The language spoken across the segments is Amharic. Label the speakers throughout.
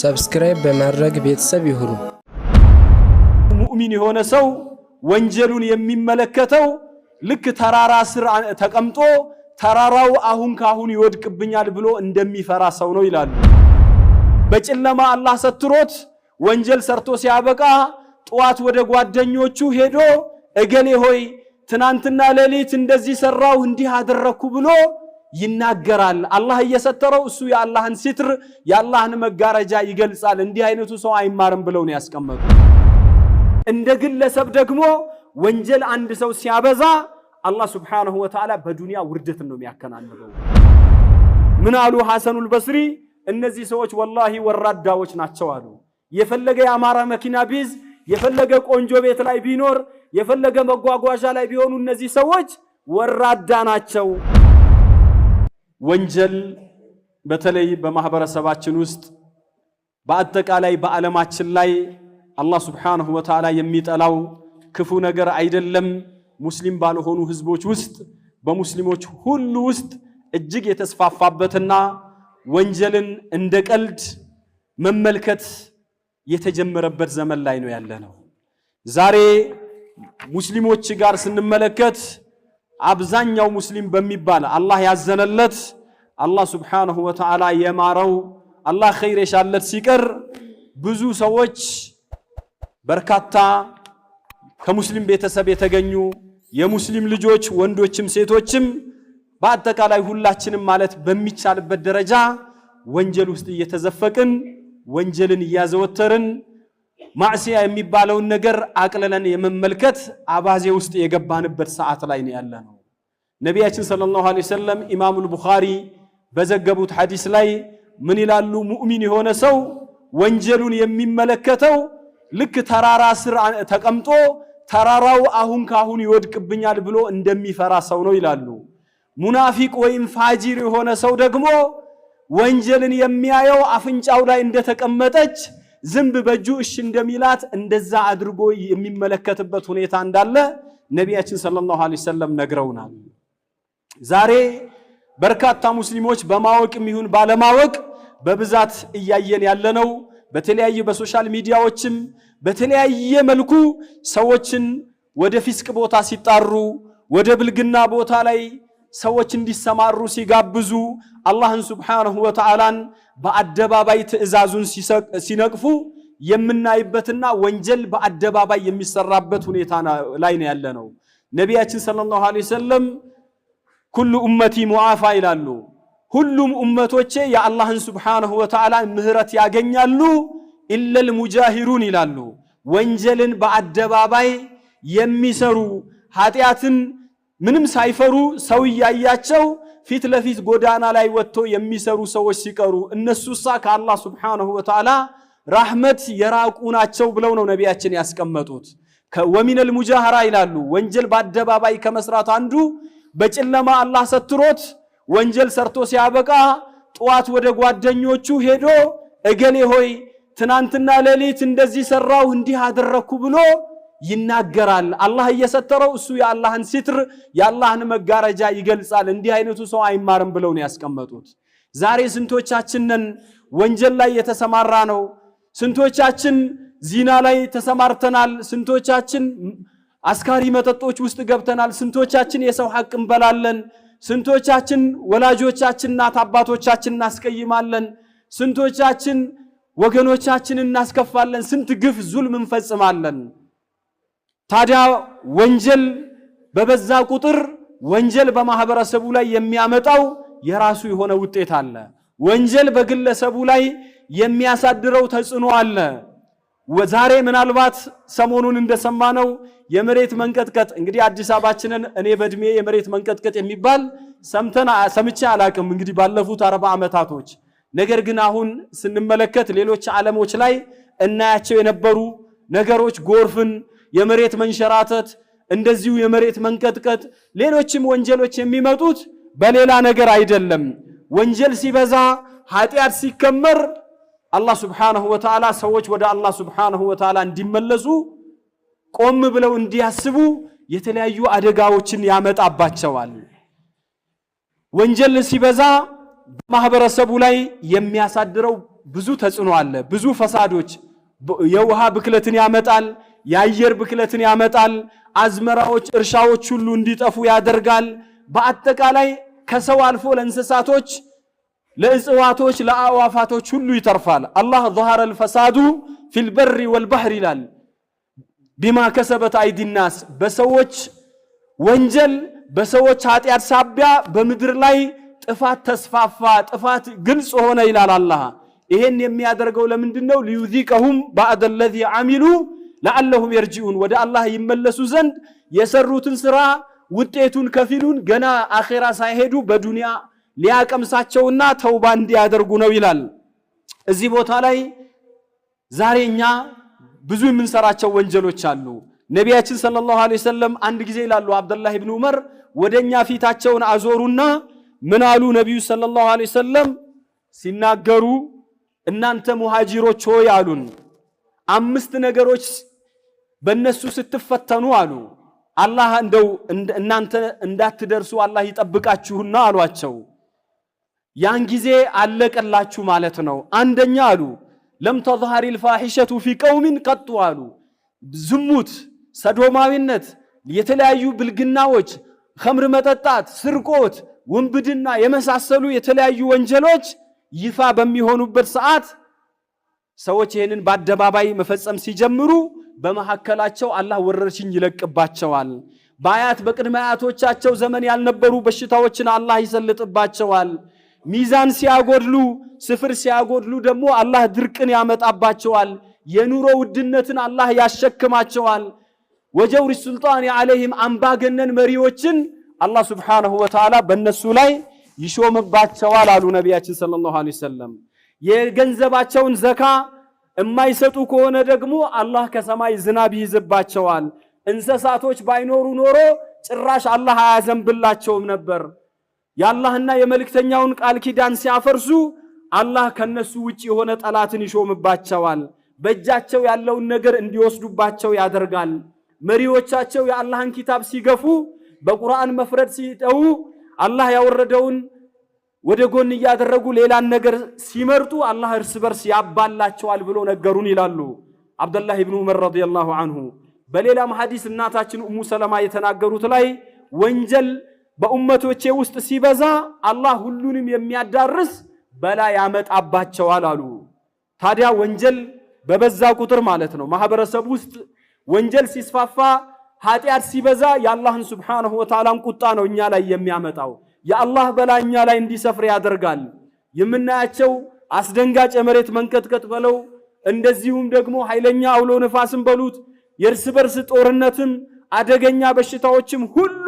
Speaker 1: ሰብስክራይብ በማድረግ ቤተሰብ ይሁኑ። ሙእሚን የሆነ ሰው ወንጀሉን የሚመለከተው ልክ ተራራ ስር ተቀምጦ ተራራው አሁን ካሁን ይወድቅብኛል ብሎ እንደሚፈራ ሰው ነው ይላሉ። በጨለማ አላህ ሰትሮት ወንጀል ሰርቶ ሲያበቃ ጠዋት ወደ ጓደኞቹ ሄዶ እገሌ ሆይ ትናንትና ሌሊት እንደዚህ ሰራው እንዲህ አደረኩ ብሎ ይናገራል። አላህ እየሰተረው እሱ የአላህን ሲትር የአላህን መጋረጃ ይገልጻል። እንዲህ አይነቱ ሰው አይማርም ብለው ነው ያስቀመጡ። እንደ ግለሰብ ደግሞ ወንጀል አንድ ሰው ሲያበዛ አላህ ስብሓነሁ ወተዓላ በዱንያ ውርደትን ነው የሚያከናንበው። ምን አሉ ሐሰኑል በስሪ? እነዚህ ሰዎች ወላሂ ወራዳዎች ናቸው አሉ። የፈለገ የአማራ መኪና ቢዝ የፈለገ ቆንጆ ቤት ላይ ቢኖር የፈለገ መጓጓዣ ላይ ቢሆኑ እነዚህ ሰዎች ወራዳ ናቸው። ወንጀል በተለይ በማህበረሰባችን ውስጥ በአጠቃላይ በዓለማችን ላይ አላህ ሱብሓነሁ ወተዓላ የሚጠላው ክፉ ነገር አይደለም። ሙስሊም ባልሆኑ ህዝቦች ውስጥ በሙስሊሞች ሁሉ ውስጥ እጅግ የተስፋፋበትና ወንጀልን እንደ ቀልድ መመልከት የተጀመረበት ዘመን ላይ ነው ያለ ነው ዛሬ ሙስሊሞች ጋር ስንመለከት አብዛኛው ሙስሊም በሚባል አላህ ያዘነለት አላህ ሱብሓነሁ ወተዓላ የማረው አላህ ኸይር የሻለት ሲቀር ብዙ ሰዎች በርካታ ከሙስሊም ቤተሰብ የተገኙ የሙስሊም ልጆች ወንዶችም ሴቶችም በአጠቃላይ ሁላችንም ማለት በሚቻልበት ደረጃ ወንጀል ውስጥ እየተዘፈቅን ወንጀልን እያዘወተርን ማዕሲያ የሚባለውን ነገር አቅልለን የመመልከት አባዜ ውስጥ የገባንበት ሰዓት ላይ ነው ያለ ነው። ነቢያችን ሰለላሁ ዐለይሂ ወሰለም ኢማሙል ቡኻሪ በዘገቡት ሐዲስ ላይ ምን ይላሉ? ሙእሚን የሆነ ሰው ወንጀሉን የሚመለከተው ልክ ተራራ ስር ተቀምጦ ተራራው አሁን ካሁን ይወድቅብኛል ብሎ እንደሚፈራ ሰው ነው ይላሉ። ሙናፊቅ ወይም ፋጂር የሆነ ሰው ደግሞ ወንጀልን የሚያየው አፍንጫው ላይ እንደተቀመጠች ዝንብ በእጁ እሺ እንደሚላት እንደዛ አድርጎ የሚመለከትበት ሁኔታ እንዳለ ነቢያችን ሰለላሁ ዐለይሂ ወሰለም ነግረውናል። ዛሬ በርካታ ሙስሊሞች በማወቅ የሚሆን ባለማወቅ በብዛት እያየን ያለነው በተለያየ በሶሻል ሚዲያዎችም በተለያየ መልኩ ሰዎችን ወደ ፊስቅ ቦታ ሲጣሩ ወደ ብልግና ቦታ ላይ ሰዎች እንዲሰማሩ ሲጋብዙ አላህን ሱብሓነሁ ወተዓላን በአደባባይ ትዕዛዙን ሲነቅፉ የምናይበትና ወንጀል በአደባባይ የሚሰራበት ሁኔታ ላይ ነው ያለ ነው። ነቢያችን ሰለላሁ ዐለይሂ ወሰለም ኩሉ ኡመቲ ሙዓፋ ይላሉ። ሁሉም ኡመቶቼ የአላህን ሱብሓነሁ ወተዓላን ምህረት ያገኛሉ። ኢለል ሙጃሂሩን ይላሉ። ወንጀልን በአደባባይ የሚሰሩ ኃጢአትን ምንም ሳይፈሩ ሰው እያያቸው ፊት ለፊት ጎዳና ላይ ወጥቶ የሚሰሩ ሰዎች ሲቀሩ እነሱሳ ከአላህ ሱብሓነሁ ወተዓላ ራህመት የራቁ ናቸው ብለው ነው ነቢያችን ያስቀመጡት። ወሚነል ሙጃሃራ ይላሉ። ወንጀል በአደባባይ ከመስራት አንዱ በጨለማ አላህ ሰትሮት ወንጀል ሰርቶ ሲያበቃ ጠዋት ወደ ጓደኞቹ ሄዶ እገሌ ሆይ ትናንትና ሌሊት እንደዚህ ሰራሁ እንዲህ አደረግኩ ብሎ ይናገራል። አላህ እየሰተረው እሱ የአላህን ሲትር የአላህን መጋረጃ ይገልጻል። እንዲህ አይነቱ ሰው አይማርም ብለው ነው ያስቀመጡት። ዛሬ ስንቶቻችንን ወንጀል ላይ የተሰማራ ነው? ስንቶቻችን ዚና ላይ ተሰማርተናል? ስንቶቻችን አስካሪ መጠጦች ውስጥ ገብተናል? ስንቶቻችን የሰው ሐቅ እንበላለን? ስንቶቻችን ወላጆቻችን፣ እናት አባቶቻችን እናስቀይማለን? ስንቶቻችን ወገኖቻችን እናስከፋለን? ስንት ግፍ ዙልም እንፈጽማለን? ታዲያ ወንጀል በበዛ ቁጥር ወንጀል በማህበረሰቡ ላይ የሚያመጣው የራሱ የሆነ ውጤት አለ። ወንጀል በግለሰቡ ላይ የሚያሳድረው ተጽዕኖ አለ። ዛሬ ምናልባት ሰሞኑን እንደሰማነው የመሬት መንቀጥቀጥ እንግዲህ አዲስ አበባችንን እኔ በእድሜ የመሬት መንቀጥቀጥ የሚባል ሰምተን ሰምቼ አላቅም እንግዲህ ባለፉት አርባ ዓመታቶች። ነገር ግን አሁን ስንመለከት ሌሎች ዓለሞች ላይ እናያቸው የነበሩ ነገሮች ጎርፍን፣ የመሬት መንሸራተት፣ እንደዚሁ የመሬት መንቀጥቀጥ፣ ሌሎችም ወንጀሎች የሚመጡት በሌላ ነገር አይደለም። ወንጀል ሲበዛ ኃጢአት ሲከመር አላህ ስብሓነሁ ወተዓላ ሰዎች ወደ አላህ ስብሓነሁ ወተዓላ እንዲመለሱ ቆም ብለው እንዲያስቡ የተለያዩ አደጋዎችን ያመጣባቸዋል። ወንጀል ሲበዛ በማህበረሰቡ ላይ የሚያሳድረው ብዙ ተጽዕኖ አለ። ብዙ ፈሳዶች የውሃ ብክለትን ያመጣል። የአየር ብክለትን ያመጣል። አዝመራዎች፣ እርሻዎች ሁሉ እንዲጠፉ ያደርጋል። በአጠቃላይ ከሰው አልፎ ለእንስሳቶች፣ ለእጽዋቶች፣ ለአዕዋፋቶች ሁሉ ይተርፋል። አላህ ዘሃረ ልፈሳዱ ፊልበሪ البر والبحر ይላል ቢማ ከሰበት አይዲናስ በሰዎች ወንጀል በሰዎች ኃጢአት ሳቢያ በምድር ላይ ጥፋት ተስፋፋ፣ ጥፋት ግልጽ ሆነ ይላል አላህ ይሄን የሚያደርገው ለምንድን ነው? ሊዩዚቀሁም ባዕደ ለዚ አሚሉ ለአለሁም የርጂኡን ወደ አላህ ይመለሱ ዘንድ የሰሩትን ስራ ውጤቱን ከፊሉን ገና አኼራ ሳይሄዱ በዱንያ ሊያቀምሳቸውና ተውባ እንዲያደርጉ ነው ይላል። እዚህ ቦታ ላይ ዛሬ እኛ ብዙ የምንሰራቸው ወንጀሎች አሉ። ነቢያችን ሰለላሁ ዐለይሂ ወሰለም አንድ ጊዜ ይላሉ አብደላህ ብን ዑመር ወደኛ ፊታቸውን አዞሩና ምን አሉ? ነቢዩ ሰለላሁ ዐለይሂ ወሰለም ሲናገሩ እናንተ ሙሃጂሮች ሆይ አሉን፣ አምስት ነገሮች በእነሱ ስትፈተኑ አሉ አላህ እንደው እናንተ እንዳትደርሱ አላህ ይጠብቃችሁና አሏቸው። ያን ጊዜ አለቀላችሁ ማለት ነው። አንደኛ አሉ ለም ተظሃር ልፋሒሸቱ ፊ ቀውሚን ቀጡ አሉ ዝሙት፣ ሰዶማዊነት፣ የተለያዩ ብልግናዎች፣ ኸምር መጠጣት፣ ስርቆት፣ ውንብድና የመሳሰሉ የተለያዩ ወንጀሎች ይፋ በሚሆኑበት ሰዓት ሰዎች ይህንን በአደባባይ መፈጸም ሲጀምሩ በመካከላቸው አላህ ወረርሽኝ ይለቅባቸዋል። በአያት በቅድመ አያቶቻቸው ዘመን ያልነበሩ በሽታዎችን አላህ ይሰልጥባቸዋል። ሚዛን ሲያጎድሉ፣ ስፍር ሲያጎድሉ ደግሞ አላህ ድርቅን ያመጣባቸዋል። የኑሮ ውድነትን አላህ ያሸክማቸዋል። ወጀውሪ ሱልጣን ዓለይህም አምባገነን መሪዎችን አላህ ሱብሓነሁ ወተዓላ በእነሱ ላይ ይሾምባቸዋል አሉ ነቢያችን ሰለላሁ ዐለይሂ ወሰለም። የገንዘባቸውን ዘካ የማይሰጡ ከሆነ ደግሞ አላህ ከሰማይ ዝናብ ይይዝባቸዋል። እንስሳቶች ባይኖሩ ኖሮ ጭራሽ አላህ አያዘንብላቸውም ነበር። የአላህና የመልእክተኛውን ቃል ኪዳን ሲያፈርሱ አላህ ከነሱ ውጭ የሆነ ጠላትን ይሾምባቸዋል። በእጃቸው ያለውን ነገር እንዲወስዱባቸው ያደርጋል። መሪዎቻቸው የአላህን ኪታብ ሲገፉ፣ በቁርአን መፍረድ ሲጠው አላህ ያወረደውን ወደ ጎን እያደረጉ ሌላን ነገር ሲመርጡ አላህ እርስ በርስ ያባላቸዋል ብሎ ነገሩን ይላሉ አብደላህ ኢብኑ ዑመር ረዲየላሁ አንሁ። በሌላም ሐዲስ እናታችን ኡሙ ሰለማ የተናገሩት ላይ ወንጀል በኡመቶቼ ውስጥ ሲበዛ አላህ ሁሉንም የሚያዳርስ በላ ያመጣባቸዋል አሉ። ታዲያ ወንጀል በበዛ ቁጥር ማለት ነው ማህበረሰብ ውስጥ ወንጀል ሲስፋፋ ኃጢአት ሲበዛ የአላህን ስብሓንሁ ወተዓላን ቁጣ ነው እኛ ላይ የሚያመጣው። የአላህ በላ እኛ ላይ እንዲሰፍር ያደርጋል። የምናያቸው አስደንጋጭ የመሬት መንቀጥቀጥ በለው እንደዚሁም ደግሞ ኃይለኛ አውሎ ነፋስን በሉት የእርስ በርስ ጦርነትም አደገኛ በሽታዎችም ሁሉ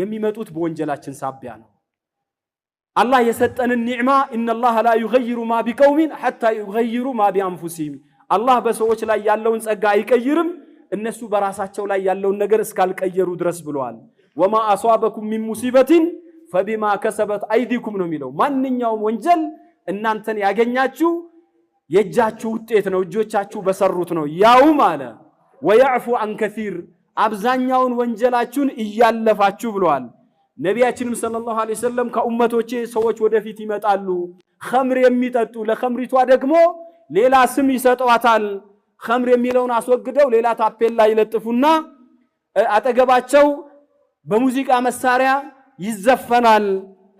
Speaker 1: የሚመጡት በወንጀላችን ሳቢያ ነው። አላህ የሰጠንን ኒዕማ ኢነላህ ላ ዩገይሩ ማ ቢቀውሚን ሐታ ዩገይሩ ማ ቢአንፉሲሂም አላህ በሰዎች ላይ ያለውን ጸጋ አይቀይርም እነሱ በራሳቸው ላይ ያለውን ነገር እስካልቀየሩ ድረስ ብለዋል። ወማ አሷበኩም ሚን ሙሲበቲን ፈቢማ ከሰበት አይዲኩም ነው የሚለው። ማንኛውም ወንጀል እናንተን ያገኛችሁ የእጃችሁ ውጤት ነው፣ እጆቻችሁ በሰሩት ነው። ያውም አለ ወያዕፉ አን ከሲር አብዛኛውን ወንጀላችሁን እያለፋችሁ ብለዋል። ነቢያችንም ሰለላሁ ዐለይሂ ወሰለም ከኡመቶቼ ሰዎች ወደፊት ይመጣሉ፣ ኸምር የሚጠጡ ለኸምሪቷ ደግሞ ሌላ ስም ይሰጠዋታል ኸምር የሚለውን አስወግደው ሌላ ታፔላ ይለጥፉና አጠገባቸው በሙዚቃ መሳሪያ ይዘፈናል።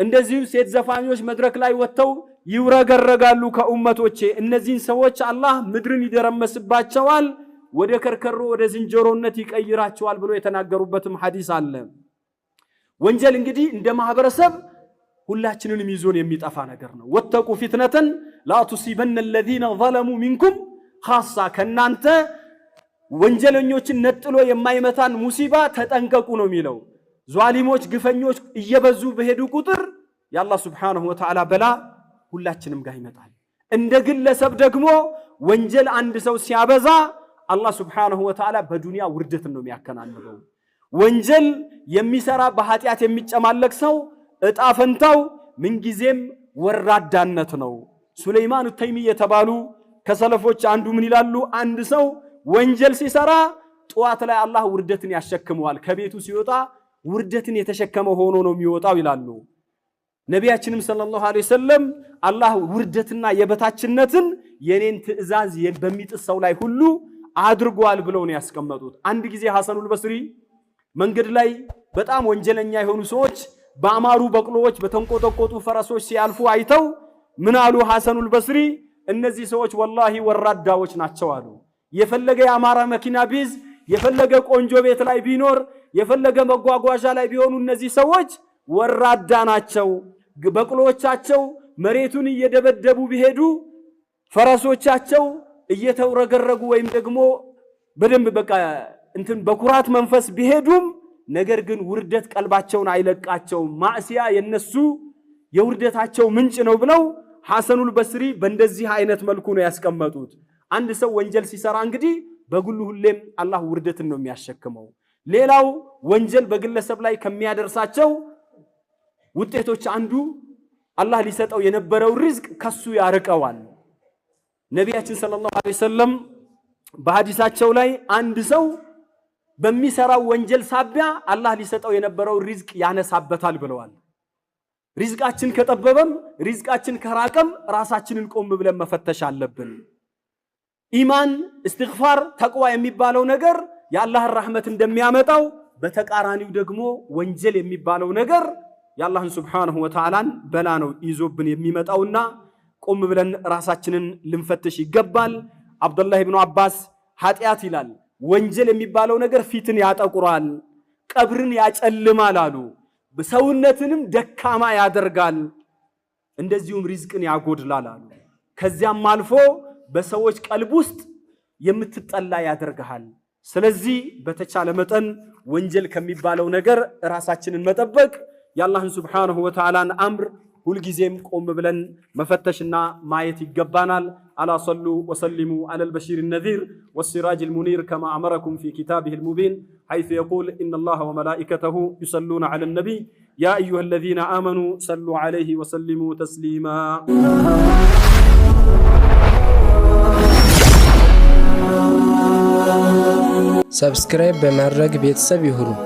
Speaker 1: እንደዚሁ ሴት ዘፋኞች መድረክ ላይ ወጥተው ይውረገረጋሉ። ከኡመቶቼ እነዚህን ሰዎች አላህ ምድርን ይደረመስባቸዋል፣ ወደ ከርከሮ ወደ ዝንጀሮነት ይቀይራቸዋል ብሎ የተናገሩበትም ሐዲስ አለ። ወንጀል እንግዲህ እንደ ማህበረሰብ ሁላችንንም ይዞን የሚጠፋ ነገር ነው። ወተቁ ፊትነትን ላ ቱሲበነ ዘለሙ ሚንኩም ካሳ ከእናንተ ወንጀለኞችን ነጥሎ የማይመታን ሙሲባ ተጠንቀቁ ነው የሚለው። ዟሊሞች፣ ግፈኞች እየበዙ በሄዱ ቁጥር የአላህ ስብሓነሁ ወተዓላ በላ ሁላችንም ጋር ይመጣል። እንደ ግለሰብ ደግሞ ወንጀል አንድ ሰው ሲያበዛ አላህ ስብሓነሁ ወተዓላ በዱንያ ውርደትን ነው የሚያከናንበው። ወንጀል የሚሰራ በኃጢአት የሚጨማለቅ ሰው እጣ ፈንታው ምንጊዜም ወራዳነት ነው። ሱለይማን ተይሚ የተባሉ ከሰለፎች አንዱ ምን ይላሉ? አንድ ሰው ወንጀል ሲሰራ ጠዋት ላይ አላህ ውርደትን ያሸክመዋል። ከቤቱ ሲወጣ ውርደትን የተሸከመ ሆኖ ነው የሚወጣው ይላሉ። ነቢያችንም ሰለላሁ ዐለይሂ ወሰለም አላህ ውርደትና የበታችነትን የኔን ትዕዛዝ በሚጥስ ሰው ላይ ሁሉ አድርጓል ብለው ነው ያስቀመጡት። አንድ ጊዜ ሐሰኑል በስሪ መንገድ ላይ በጣም ወንጀለኛ የሆኑ ሰዎች በአማሩ በቅሎዎች፣ በተንቆጠቆጡ ፈረሶች ሲያልፉ አይተው ምን አሉ ሐሰኑል በስሪ እነዚህ ሰዎች ወላሂ ወራዳዎች ናቸው አሉ። የፈለገ የአማራ መኪና ቢዝ የፈለገ ቆንጆ ቤት ላይ ቢኖር፣ የፈለገ መጓጓዣ ላይ ቢሆኑ እነዚህ ሰዎች ወራዳ ናቸው። በቅሎቻቸው መሬቱን እየደበደቡ ቢሄዱ ፈረሶቻቸው እየተውረገረጉ ወይም ደግሞ በደንብ በቃ እንትን በኩራት መንፈስ ቢሄዱም ነገር ግን ውርደት ቀልባቸውን አይለቃቸውም። ማዕሲያ የነሱ የውርደታቸው ምንጭ ነው ብለው ሐሰኑል በስሪ በእንደዚህ አይነት መልኩ ነው ያስቀመጡት። አንድ ሰው ወንጀል ሲሰራ እንግዲህ በግሉ ሁሌም አላህ ውርደትን ነው የሚያሸክመው። ሌላው ወንጀል በግለሰብ ላይ ከሚያደርሳቸው ውጤቶች አንዱ አላህ ሊሰጠው የነበረው ሪዝቅ ከሱ ያርቀዋል። ነቢያችን ሰለላሁ ዐለይሂ ወሰለም በሐዲሳቸው ላይ አንድ ሰው በሚሰራው ወንጀል ሳቢያ አላህ ሊሰጠው የነበረው ሪዝቅ ያነሳበታል ብለዋል። ሪዝቃችን ከጠበበም ሪዝቃችን ከራቀም ራሳችንን ቆም ብለን መፈተሽ አለብን። ኢማን፣ እስትግፋር፣ ተቅዋ የሚባለው ነገር የአላህን ራህመት እንደሚያመጣው በተቃራኒው ደግሞ ወንጀል የሚባለው ነገር የአላህን ሱብሓነሁ ወተዓላን በላ ነው ይዞብን የሚመጣውና ቆም ብለን ራሳችንን ልንፈትሽ ይገባል። አብዱላህ ብኑ አባስ ኃጢአት ይላል ወንጀል የሚባለው ነገር ፊትን ያጠቁራል፣ ቀብርን ያጨልማል አሉ። ሰውነትንም ደካማ ያደርጋል፣ እንደዚሁም ሪዝቅን ያጎድላል አሉ። ከዚያም አልፎ በሰዎች ቀልብ ውስጥ የምትጠላ ያደርግሃል። ስለዚህ በተቻለ መጠን ወንጀል ከሚባለው ነገር ራሳችንን መጠበቅ የአላህን ሱብሓነሁ ወተዓላን አምር ሁልጊዜም ቆም ብለን መፈተሽና ማየት ይገባናል። አላ ሰሉ ወሰሊሙ አላ አልበሺር ነዚር ወሲራጅ ልሙኒር ከማ አመረኩም ፊ ኪታብህ ልሙቢን ሐይሱ የቁል ኢነ አላህ ወመላኢከተሁ ዩሰሉነ አላ ነቢይ ያ አዩሃ አለዚነ አመኑ ሰሉ አለይህ ወሰሊሙ ተስሊማ። ሰብስክራይብ በማድረግ ቤተሰብ ይሁኑ።